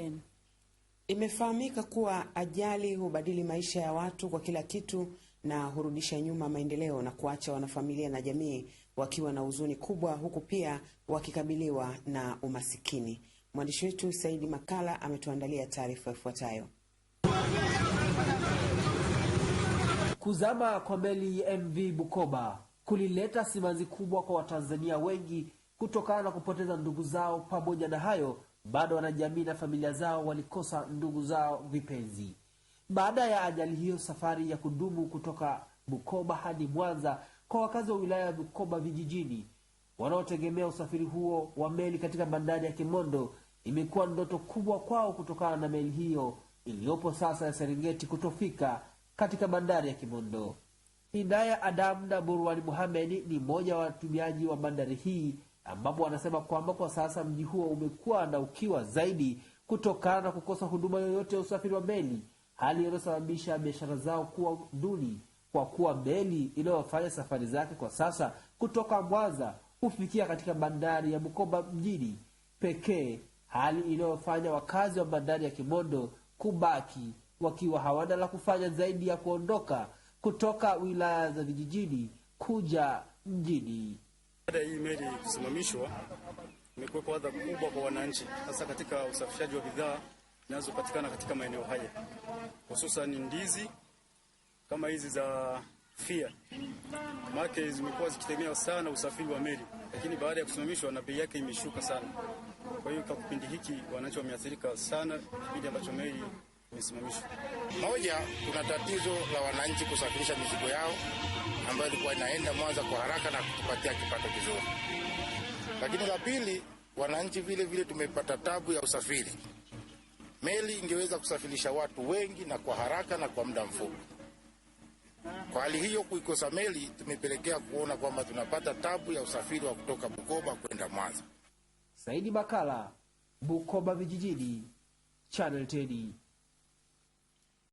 tena. Imefahamika kuwa ajali hubadili maisha ya watu kwa kila kitu na hurudisha nyuma maendeleo na kuacha wanafamilia na jamii wakiwa na huzuni kubwa, huku pia wakikabiliwa na umasikini. Mwandishi wetu Saidi Makala ametuandalia taarifa ifuatayo. Kuzama kwa meli MV Bukoba kulileta simanzi kubwa kwa Watanzania wengi kutokana na kupoteza ndugu zao, pamoja na hayo bado wanajamii na familia zao walikosa ndugu zao vipenzi. Baada ya ajali hiyo, safari ya kudumu kutoka Bukoba hadi Mwanza kwa wakazi wa wilaya ya Bukoba vijijini wanaotegemea usafiri huo wa meli katika bandari ya Kimondo imekuwa ndoto kubwa kwao kutokana na meli hiyo iliyopo sasa ya Serengeti kutofika katika bandari ya Kimondo. Hidaya Adam na Burwani Muhamedi ni mmoja wa watumiaji wa bandari hii ambapo wanasema kwamba kwa sasa mji huo umekuwa na ukiwa zaidi kutokana na kukosa huduma yoyote ya usafiri wa meli, hali inayosababisha biashara zao kuwa duni, kwa kuwa meli inayofanya safari zake kwa sasa kutoka Mwanza hufikia katika bandari ya Bukoba mjini pekee, hali inayofanya wakazi wa bandari ya Kimondo kubaki wakiwa hawana la kufanya zaidi ya kuondoka kutoka wilaya za vijijini kuja mjini. Baada ya hii meli kusimamishwa, imekuwepo adha kubwa kwa wananchi, hasa katika usafirishaji wa bidhaa zinazopatikana katika maeneo haya, hususan ndizi kama hizi za fia make zimekuwa zikitegemea sana usafiri wa meli, lakini baada ya kusimamishwa na bei yake imeshuka sana. Kwa hiyo kwa kipindi hiki wananchi wameathirika sana, kipindi ambacho meli imesimamishwa. Moja, kuna tatizo la wananchi kusafirisha mizigo yao ambayo ilikuwa inaenda Mwanza kwa haraka na kutupatia kipato kizuri, lakini la pili, wananchi vile vile tumepata tabu ya usafiri. Meli ingeweza kusafirisha watu wengi na kwa haraka na kwa muda mfupi. Kwa hali hiyo, kuikosa meli tumepelekea kuona kwamba tunapata tabu ya usafiri wa kutoka Bukoba kwenda Mwanza. Saidi Bakala, Bukoba Vijijini, Channel Ten.